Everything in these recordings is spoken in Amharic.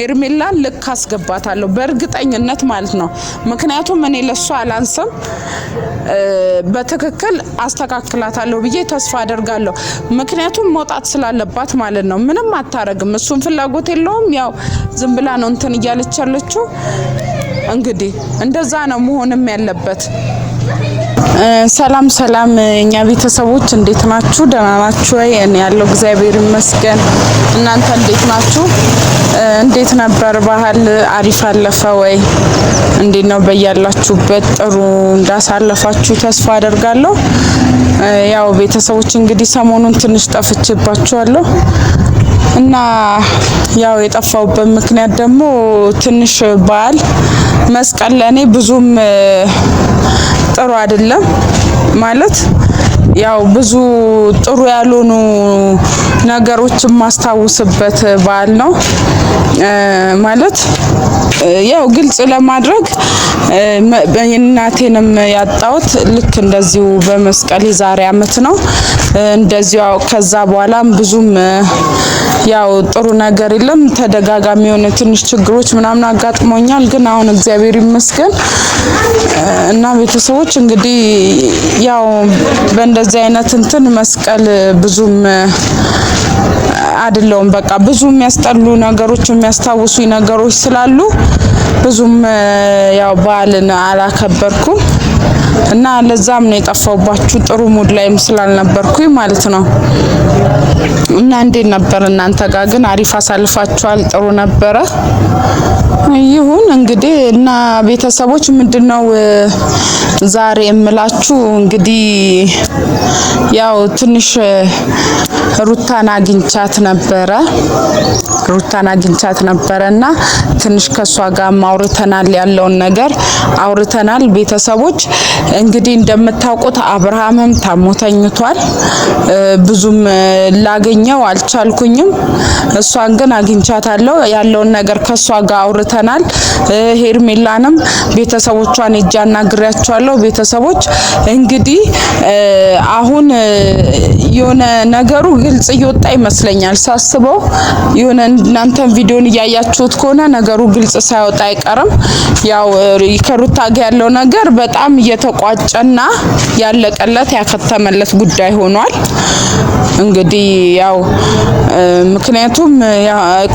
ሄርሜላን ልክ አስገባታለሁ በእርግጠኝነት ማለት ነው። ምክንያቱም እኔ ለሱ አላንስም፣ በትክክል አስተካክላታለሁ ብዬ ተስፋ አደርጋለሁ። ምክንያቱም መውጣት ስላለባት ማለት ነው። ምንም አታረግም፣ እሱን ፍላጎት የለውም። ያው ዝም ብላ ነው እንትን እያለች ያለችው። እንግዲህ እንደዛ ነው መሆንም ያለበት። ሰላም ሰላም፣ እኛ ቤተሰቦች እንዴት ናችሁ? ደህና ናችሁ ወይ? እኔ ያለው እግዚአብሔር ይመስገን። እናንተ እንዴት ናችሁ? እንዴት ነበር ባህል? አሪፍ አለፈ ወይ? እንዴት ነው? በያላችሁበት ጥሩ እንዳሳለፋችሁ ተስፋ አደርጋለሁ። ያው ቤተሰቦች እንግዲህ ሰሞኑን ትንሽ ጠፍቼባችኋለሁ። እና ያው የጠፋውበት ምክንያት ደግሞ ትንሽ በዓል መስቀል ለእኔ ብዙም ጥሩ አይደለም ማለት ያው ብዙ ጥሩ ያልሆኑ ነገሮች የማስታውስበት በዓል ነው። ማለት ያው ግልጽ ለማድረግ እናቴንም ያጣሁት ልክ እንደዚሁ በመስቀል የዛሬ አመት ነው። እንደዚያው ከዛ በኋላም ብዙም ያው ጥሩ ነገር የለም። ተደጋጋሚ የሆነ ትንሽ ችግሮች ምናምን አጋጥሞኛል፣ ግን አሁን እግዚአብሔር ይመስገን እና ቤተሰቦች እንግዲህ ያው በእንደዚህ አይነት እንትን መስቀል ብዙም አይደለውም። በቃ ብዙ የሚያስጠሉ ነገሮች የሚያስታውሱ ነገሮች ስላሉ ብዙም ያው በዓልን አላከበርኩም። እና ለዛም ነው የጠፋውባችሁ ጥሩ ሙድ ላይም ስላልነበርኩኝ ማለት ነው። እና እንዴት ነበር እናንተ ጋር ግን አሪፍ አሳልፋችኋል? ጥሩ ነበረ ይሁን እንግዲህ እና ቤተሰቦች ምንድነው ዛሬ የምላችሁ እንግዲህ ያው ትንሽ ሩታን አግኝቻት ነበረ ሩታን አግኝቻት ነበረ እና ትንሽ ከሷ ጋር አውርተናል። ያለውን ነገር አውርተናል። ቤተሰቦች እንግዲህ እንደምታውቁት አብርሃምም ታሞ ተኝቷል። ብዙም ላገኘው አልቻልኩኝም። እሷን ግን አግኝቻታለሁ። ያለውን ነገር ከሷ ጋር አውርተናል። ሄርሜላንም ቤተሰቦቿን እጅ አናግሬያቸዋለሁ። ቤተሰቦች እንግዲህ አሁን የሆነ ነገሩ ግልጽ እየወጣ ይመስለኛል ሳስበው። የሆነ እናንተን ቪዲዮን እያያችሁት ከሆነ ነገሩ ግልጽ ሳይወጣ አይቀርም። ያው ከሩታ ጋር ያለው ነገር በጣም እየተቋጨና ያለቀለት ያከተመለት ጉዳይ ሆኗል። እንግዲህ ያው ምክንያቱም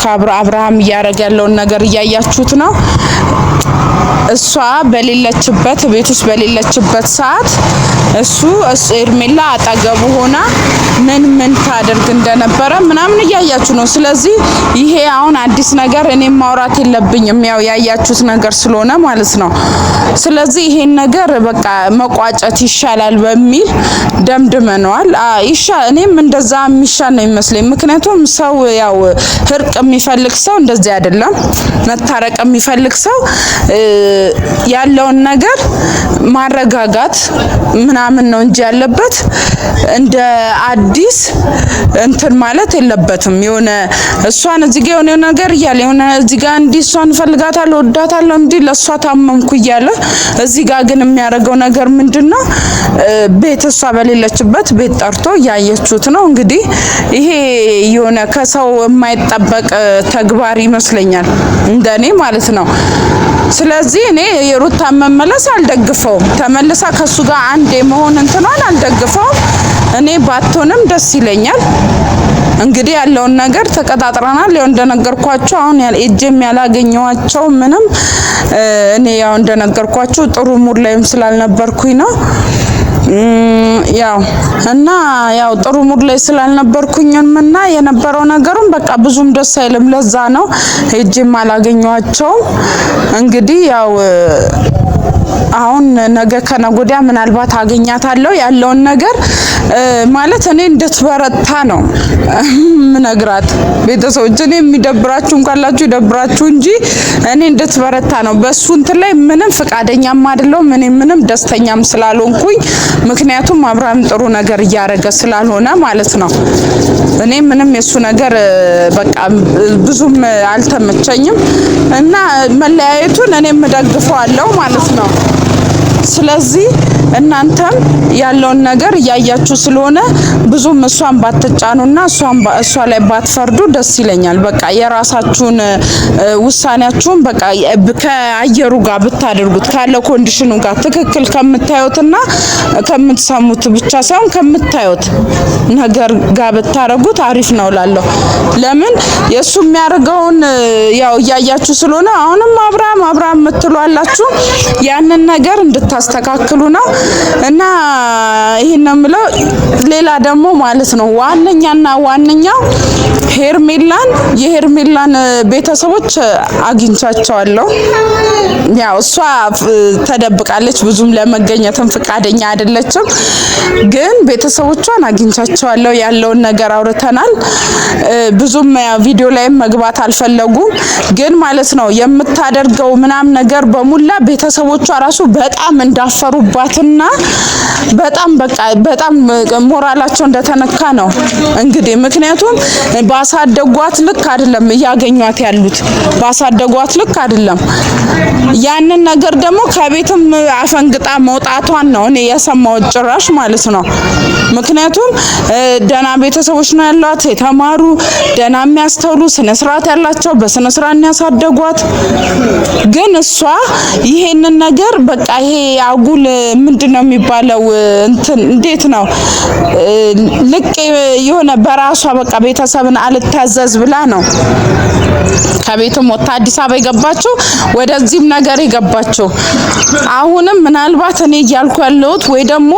ከአብርሃም እያደረገ ያለውን ነገር እያያችሁት ነው። Oh, my God. እሷ በሌለችበት ቤት ውስጥ በሌለችበት ሰዓት እሱ ሄርሜላ አጠገቡ ሆና ምን ምን ታደርግ እንደነበረ ምናምን እያያችሁ ነው። ስለዚህ ይሄ አሁን አዲስ ነገር እኔም ማውራት የለብኝም፣ ያው ያያችሁት ነገር ስለሆነ ማለት ነው። ስለዚህ ይሄን ነገር በቃ መቋጨት ይሻላል በሚል ደምድመነዋል። ይሻ እኔም እንደዛ የሚሻል ነው ይመስለኝ። ምክንያቱም ሰው ያው እርቅ የሚፈልግ ሰው እንደዚህ አይደለም፣ መታረቅ የሚፈልግ ሰው ያለውን ነገር ማረጋጋት ምናምን ነው እንጂ ያለበት እንደ አዲስ እንትን ማለት የለበትም። የሆነ እሷን እዚህ ጋር የሆነ ነገር እያለ የሆነ እዚህ ጋር እንዲህ እሷን እፈልጋታለሁ ወዳታለሁ እንዲህ ለእሷ ታመምኩ እያለ እዚህ ጋር ግን የሚያደርገው ነገር ምንድን ነው? ቤት እሷ በሌለችበት ቤት ጠርቶ እያየችሁት ነው እንግዲህ። ይሄ የሆነ ከሰው የማይጠበቅ ተግባር ይመስለኛል እንደኔ ማለት ነው። ስለዚህ እኔ የሩታን መመለስ አልደግፈውም። ተመልሳ ከሱ ጋር አንድ የመሆን እንትኗን አልደግፈውም። እኔ ባትሆንም ደስ ይለኛል። እንግዲህ ያለውን ነገር ተቀጣጥረናል። ያው እንደነገርኳቸው አሁን እጅም ያላገኘዋቸው ምንም እኔ ያው እንደነገርኳቸው ጥሩ ሙድ ላይም ስላልነበርኩኝ ነው። ያው እና ያው ጥሩ ሙድ ላይ ስላልነበርኩኝም እና የነበረው ነገሩም በቃ ብዙም ደስ አይልም። ለዛ ነው ሄጄም አላገኘኋቸውም። እንግዲህ ያው አሁን ነገ ከነጎዳ ምናልባት አገኛታለሁ ያለውን ነገር ማለት እኔ እንድትበረታ ነው ምነግራት። ቤተሰቦች እኔ የሚደብራችሁን ካላችሁ ይደብራችሁ እንጂ እኔ እንድትበረታ ነው። በሱ እንትን ላይ ምንም ፍቃደኛም አይደለሁም እኔ ምንም ደስተኛም ስላልሆንኩኝ፣ ምክንያቱም አብርሃም ጥሩ ነገር እያደረገ ስላልሆነ ማለት ነው። እኔ ምንም የሱ ነገር በቃ ብዙም አልተመቸኝም እና መለያየቱን እኔ እደግፈዋለሁ ማለት ነው። ስለዚህ እናንተም ያለውን ነገር እያያችሁ ስለሆነ ብዙም እሷን ባትጫኑና እሷን እሷ ላይ ባትፈርዱ ደስ ይለኛል። በቃ የራሳችሁን ውሳኔያችሁን በቃ ከአየሩ ጋር ብታደርጉት ካለ ኮንዲሽኑ ጋር ትክክል ከምታዩትና ከምትሰሙት ብቻ ሳይሆን ከምታዩት ነገር ጋር ብታደርጉት አሪፍ ነው ላለሁ ለምን የእሱ የሚያደርገውን ያው እያያችሁ ስለሆነ አሁንም አብርሃም አብርሃም የምትሏላችሁ ያንን ነገር እንድታስተካክሉ ነው። እና ይሄን ነው የምለው። ሌላ ደግሞ ማለት ነው ዋነኛና ዋነኛው ሄርሜላን የሄርሜላን ቤተሰቦች አግኝቻቸዋለሁ። ያው እሷ ተደብቃለች፣ ብዙም ለመገኘትም ፈቃደኛ አይደለችም። ግን ቤተሰቦቿን አግኝቻቸዋለሁ፣ ያለውን ነገር አውርተናል። ብዙም ቪዲዮ ላይም መግባት አልፈለጉም። ግን ማለት ነው የምታደርገው ምናም ነገር በሙላ ቤተሰቦቿ ራሱ በጣም እንዳፈሩባት እና በጣም በቃ በጣም ሞራላቸው እንደተነካ ነው እንግዲህ። ምክንያቱም ባሳደጓት ልክ አይደለም እያገኟት ያሉት ባሳደጓት ልክ አይደለም። ያንን ነገር ደግሞ ከቤትም አፈንግጣ መውጣቷን ነው እኔ የሰማሁት ጭራሽ ማለት ነው። ምክንያቱም ደና ቤተሰቦች ነው ያሏት፣ የተማሩ ደና የሚያስተውሉ ስነ ስርዓት ያላቸው በስነ ስርዓት ያሳደጓት። ግን እሷ ይሄንን ነገር በቃ ይሄ አጉል ምን ምንድን ነው የሚባለው እንትን እንዴት ነው ልቅ የሆነ በራሷ በቃ ቤተሰብን አልታዘዝ ብላ ነው ከቤትም ወጥታ አዲስ አበባ የገባችው ወደዚህም ነገር የገባችው። አሁንም ምናልባት እኔ እያልኩ ያለሁት ወይ ደግሞ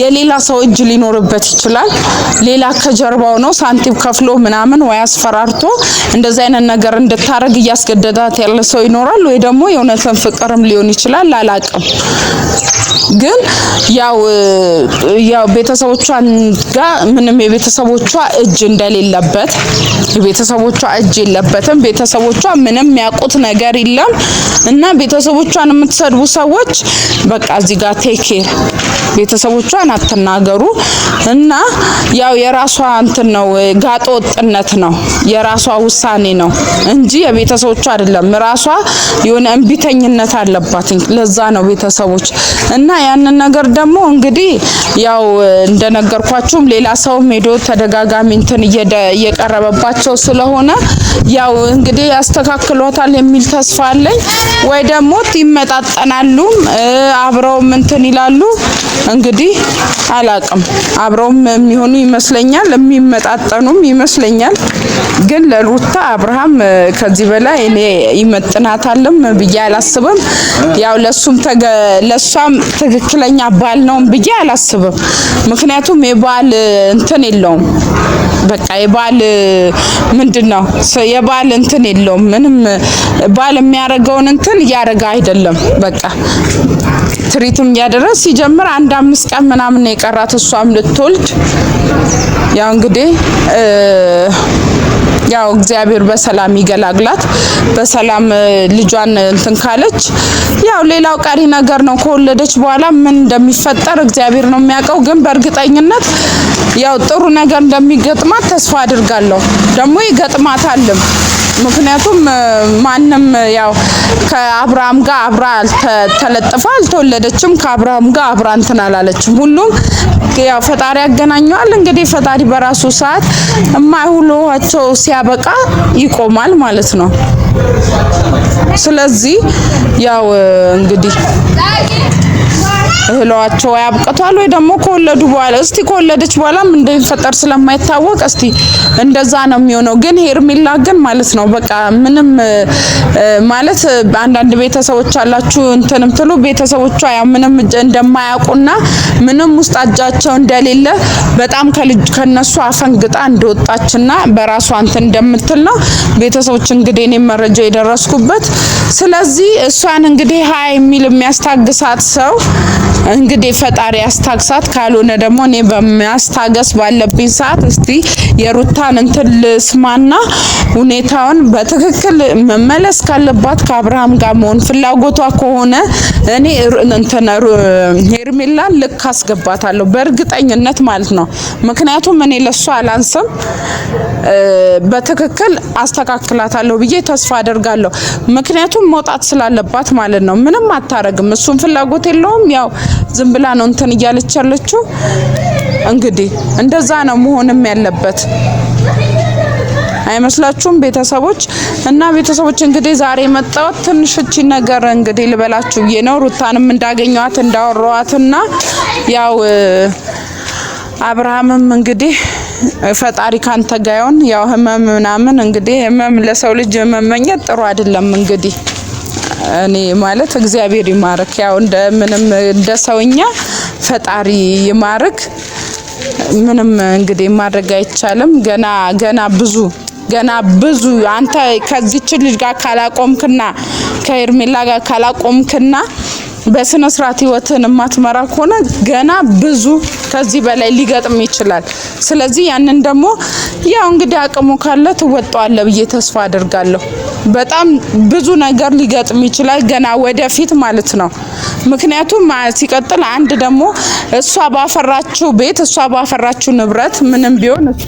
የሌላ ሰው እጅ ሊኖርበት ይችላል። ሌላ ከጀርባው ነው ሳንቲም ከፍሎ ምናምን ወይ አስፈራርቶ እንደዚህ አይነት ነገር እንድታረግ እያስገደዳት ያለ ሰው ይኖራል። ወይ ደግሞ የእውነትን ፍቅርም ሊሆን ይችላል። አላቅም ግን ግን ያው ያው ቤተሰቦቿን ጋር ምንም የቤተሰቦቿ እጅ እንደሌለበት የቤተሰቦቿ እጅ የለበትም። ቤተሰቦቿ ምንም የሚያውቁት ነገር የለም እና ቤተሰቦቿን የምትሰድቡ ሰዎች በቃ እዚህ ጋር ቴክ ኬር ቤተሰቦቿን አትናገሩ እና ያው የራሷ እንትን ነው ጋጠ ወጥነት ነው የራሷ ውሳኔ ነው እንጂ የቤተሰቦቿ አይደለም። ራሷ የሆነ እምቢተኝነት አለባት። ለዛ ነው ቤተሰቦች እና ያን ይህንን ነገር ደግሞ እንግዲህ ያው እንደነገርኳችሁም ሌላ ሰውም ሄዶ ተደጋጋሚ እንትን እየቀረበባቸው ስለሆነ ያው እንግዲህ ያስተካክሏታል የሚል ተስፋ አለኝ። ወይ ደግሞ ይመጣጠናሉ፣ አብረውም እንትን ይላሉ። እንግዲህ አላቅም፣ አብረውም የሚሆኑ ይመስለኛል፣ የሚመጣጠኑም ይመስለኛል። ግን ለሩታ አብርሃም ከዚህ በላይ እኔ ይመጥናታልም ብዬ አላስብም። ያው ለሱም ለሷም ትክክል ትክክለኛ ባል ነው ብዬ አላስብም። ምክንያቱም የባል እንትን የለውም። በቃ የባል ምንድን ነው የባል እንትን የለውም። ምንም ባል የሚያደርገውን እንትን እያደረገ አይደለም። በቃ ትሪትም እያደረገ ሲጀምር አንድ አምስት ቀን ምናምን የቀራት እሷም ልትወልድ ያው እንግዲህ ያው እግዚአብሔር በሰላም ይገላግላት። በሰላም ልጇን እንትን ካለች ያው ሌላው ቀሪ ነገር ነው። ከወለደች በኋላ ምን እንደሚፈጠር እግዚአብሔር ነው የሚያውቀው። ግን በእርግጠኝነት ያው ጥሩ ነገር እንደሚገጥማት ተስፋ አድርጋለሁ። ደግሞ ይገጥማታልም። ምክንያቱም ማንም ያው ከአብርሃም ጋር አብራ ተለጥፋ አልተወለደችም። ከአብርሃም ጋር አብራ እንትን አላለችም። ሁሉም ያው ፈጣሪ ያገናኘዋል። እንግዲህ ፈጣሪ በራሱ ሰዓት የማይውሏቸው ሲያበቃ ይቆማል ማለት ነው። ስለዚህ ያው እንግዲህ እህለዋቸው ያብቅቷል ወይ ደግሞ ከወለዱ በኋላ እስቲ ከወለደች በኋላም እንደሚፈጠር ስለማይታወቅ እስቲ እንደዛ ነው የሚሆነው። ግን ሄርሜላ ግን ማለት ነው በቃ ምንም ማለት አንዳንድ ቤተሰቦች አላችሁ እንትንም ትሉ ቤተሰቦቿ ያው ምንም እንደማያውቁና ምንም ውስጥ እጃቸው እንደሌለ በጣም ከነሱ አፈንግጣ እንደወጣችና በራሷ እንትን እንደምትል ነው ቤተሰቦች እንግዲህ እኔም መረጃ የደረስኩበት። ስለዚህ እሷን እንግዲህ ሀይ የሚል የሚያስታግሳት ሰው እንግዲህ ፈጣሪ ያስታግሳት፣ ካልሆነ ደግሞ እኔ በሚያስታገስ ባለብኝ ሰዓት እስቲ የሩታን እንትን ልስማና ሁኔታውን በትክክል መመለስ ካለባት ከአብርሃም ጋር መሆን ፍላጎቷ ከሆነ እኔ እንትን ሄርሜላን ልክ አስገባታለሁ በእርግጠኝነት ማለት ነው። ምክንያቱም እኔ ለሷ አላንስም። በትክክል አስተካክላታለሁ ብዬ ተስፋ አደርጋለሁ። ምክንያቱም መውጣት ስላለባት ማለት ነው። ምንም አታረግም። እሱን ፍላጎት የለውም። ያው ዝም ብላ ነው እንትን እያለች ያለችው። እንግዲህ እንደዛ ነው መሆንም ያለበት አይመስላችሁም? ቤተሰቦች እና ቤተሰቦች እንግዲህ ዛሬ መጣሁት ትንሽ እቺ ነገር እንግዲህ ልበላችሁ ብዬ ነው። ሩታንም እንዳገኘዋት እንዳወራዋትና ያው አብርሃምም እንግዲህ ፈጣሪ ካንተ ጋር ይሆን። ያው ህመም ምናምን እንግዲህ ህመም ለሰው ልጅ መመኘት ጥሩ አይደለም። እንግዲህ እኔ ማለት እግዚአብሔር ይማርክ። ያው እንደ ምንም እንደ ሰውኛ ፈጣሪ ይማርክ። ምንም እንግዲህ ማድረግ አይቻልም። ገና ገና ብዙ ገና ብዙ አንተ ከዚች ልጅ ጋር ካላቆምክና ከኤርሜላ ጋር ካላቆምክና በስነ ስርዓት ህይወትን የማትመራ ከሆነ ገና ብዙ ከዚህ በላይ ሊገጥም ይችላል። ስለዚህ ያንን ደግሞ ያው እንግዲህ አቅሙ ካለ ትወጣዋለህ ብዬ ተስፋ አድርጋለሁ። በጣም ብዙ ነገር ሊገጥም ይችላል ገና ወደፊት ማለት ነው። ምክንያቱም ሲቀጥል አንድ ደግሞ እሷ ባፈራችው ቤት እሷ ባፈራችው ንብረት ምንም ቢሆን እሷ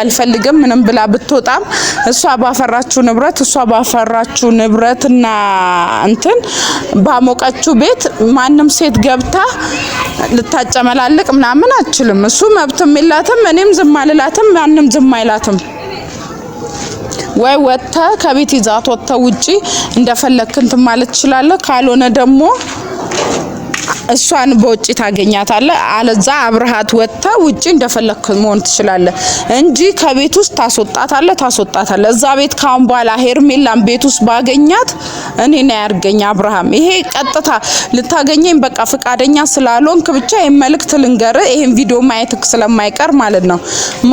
አልፈልግም ምንም ብላ ብትወጣም እሷ ባፈራችው ንብረት እሷ ባፈራችው ንብረትና እንትን ባሞቀችው ቤት ማንም ሴት ገብታ ልታጨመላልቅ ምናምን አችልም። እሱ መብትም የላትም። እኔም ዝም አልላትም። ማንም ዝም አይላትም። ወይ ወጥተ ከቤት ይዛት ወጥተ ውጪ እንደፈለክ እንትን ማለት ትችላለህ። ካልሆነ ደግሞ እሷን በውጪ ታገኛታለህ። አለዛ አብርሃት ወጥተ ውጪ እንደፈለክ መሆን ትችላለህ እንጂ ከቤት ውስጥ ታስወጣታለህ ታስወጣታለህ። እዛ ቤት ካሁን በኋላ ሄርሜላን ቤት ውስጥ ባገኛት እኔ ና ያርገኝ አብርሃም። ይሄ ቀጥታ ልታገኘኝ በቃ ፍቃደኛ ስላልሆንክ ብቻ ይሄን መልእክት ልንገርህ፣ ይሄን ቪዲዮ ማየትክ ስለማይቀር ማለት ነው።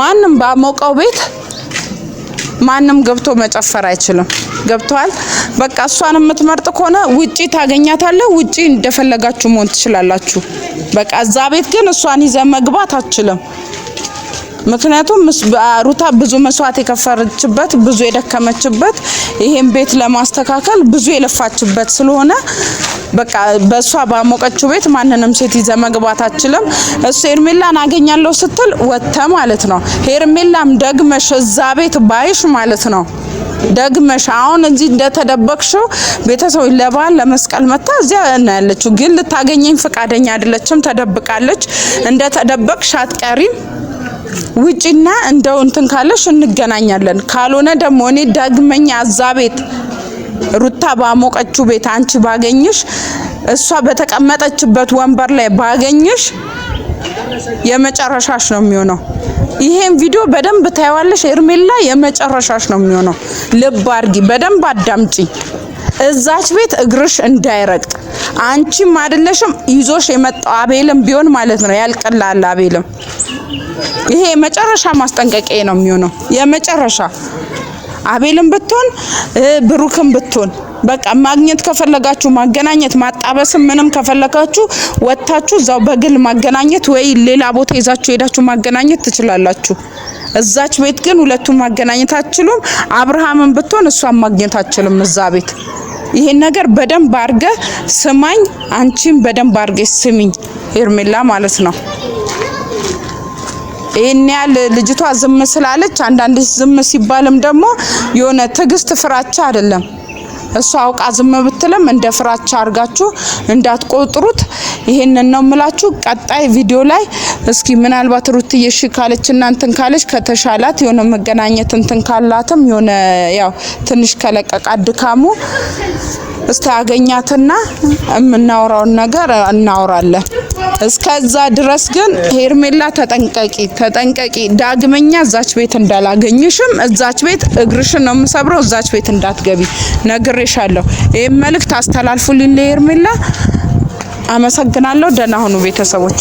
ማንም ባሞቀው ቤት ማንም ገብቶ መጨፈር አይችልም። ገብቷል። በቃ እሷን የምትመርጥ ከሆነ ውጪ ታገኛታለህ። ውጪ እንደፈለጋችሁ መሆን ትችላላችሁ። በቃ እዛ ቤት ግን እሷን ይዘ መግባት አትችልም። ምክንያቱም ሩታ ብዙ መስዋዕት የከፈረችበት ብዙ የደከመችበት ይሄን ቤት ለማስተካከል ብዙ የለፋችበት ስለሆነ በቃ በእሷ ባሞቀችው ቤት ማንንም ሴት ይዘ መግባት አችልም። እሱ ሄርሜላን አገኛለሁ ስትል ወጥተ ማለት ነው። ሄርሜላም ደግመሽ እዛ ቤት ባይሽ ማለት ነው ደግመሽ አሁን እዚህ እንደተደበቅሽው ቤተሰቦች ለበዓል ለመስቀል መታ እዚያ ና ያለችው ግን ልታገኘኝ ፈቃደኛ አይደለችም። ተደብቃለች። እንደተደበቅሽ አትቀሪም። ውጪና እንደው እንትን ካለሽ እንገናኛለን። ካልሆነ ደግሞ እኔ ዳግመኛ እዛ ቤት ሩታ ባሞቀችው ቤት አንቺ ባገኝሽ፣ እሷ በተቀመጠችበት ወንበር ላይ ባገኝሽ የመጨረሻሽ ነው የሚሆነው። ይሄን ቪዲዮ በደንብ ታይዋለሽ ኤርሜላ የመጨረሻሽ ነው የሚሆነው። ልብ አድርጊ፣ በደንብ አዳምጪ። እዛች ቤት እግርሽ እንዳይረግጥ አንቺም አይደለሽም ይዞሽ የመጣው አቤልም ቢሆን ማለት ነው። ያልቀላል አቤልም። ይሄ የመጨረሻ ማስጠንቀቂያ ነው የሚሆነው የመጨረሻ አቤልም ብትሆን ብሩክም ብትሆን በቃ ማግኘት ከፈለጋችሁ ማገናኘት፣ ማጣበስም ምንም ከፈለጋችሁ ወጥታችሁ እዛው በግል ማገናኘት ወይ ሌላ ቦታ ይዛችሁ ሄዳችሁ ማገናኘት ትችላላችሁ። እዛች ቤት ግን ሁለቱም ማገናኘት አትችሉም። አብርሃምን ብትሆን እሷን ማግኘት አትችልም እዛ ቤት ይሄን ነገር በደንብ አድርገ ስማኝ፣ አንቺም በደንብ አርገ ስሚኝ ሄርሜላ ማለት ነው። ይህን ያህል ልጅቷ ዝም ስላለች አንዳንድ ዝም ሲባልም ደግሞ የሆነ ትዕግስት ፍራቻ አይደለም እሷ አውቃ ዝም ብትልም እንደ ፍራቻ አድርጋችሁ እንዳትቆጥሩት። ይሄንን ነው ምላችሁ። ቀጣይ ቪዲዮ ላይ እስኪ ምናልባት ሩትዬ እሺ ካለች እና እንትን ካለች ከተሻላት የሆነ መገናኘት እንትን ካላትም የሆነ ያው ትንሽ ከለቀቃ ድካሙ እስቲ አገኛትና የምናወራውን ነገር እናወራለን። እስከዛ ድረስ ግን ሄርሜላ ተጠንቀቂ፣ ተጠንቀቂ ዳግመኛ እዛች ቤት እንዳላገኝሽም፣ እዛች ቤት እግርሽን ነው የምሰብረው፣ እዛች ቤት እንዳትገቢ ነግሬሻለሁ። ይህም መልእክት አስተላልፉልኝ ለሄርሜላ። አመሰግናለሁ። ደህና ሁኑ ቤተሰቦች።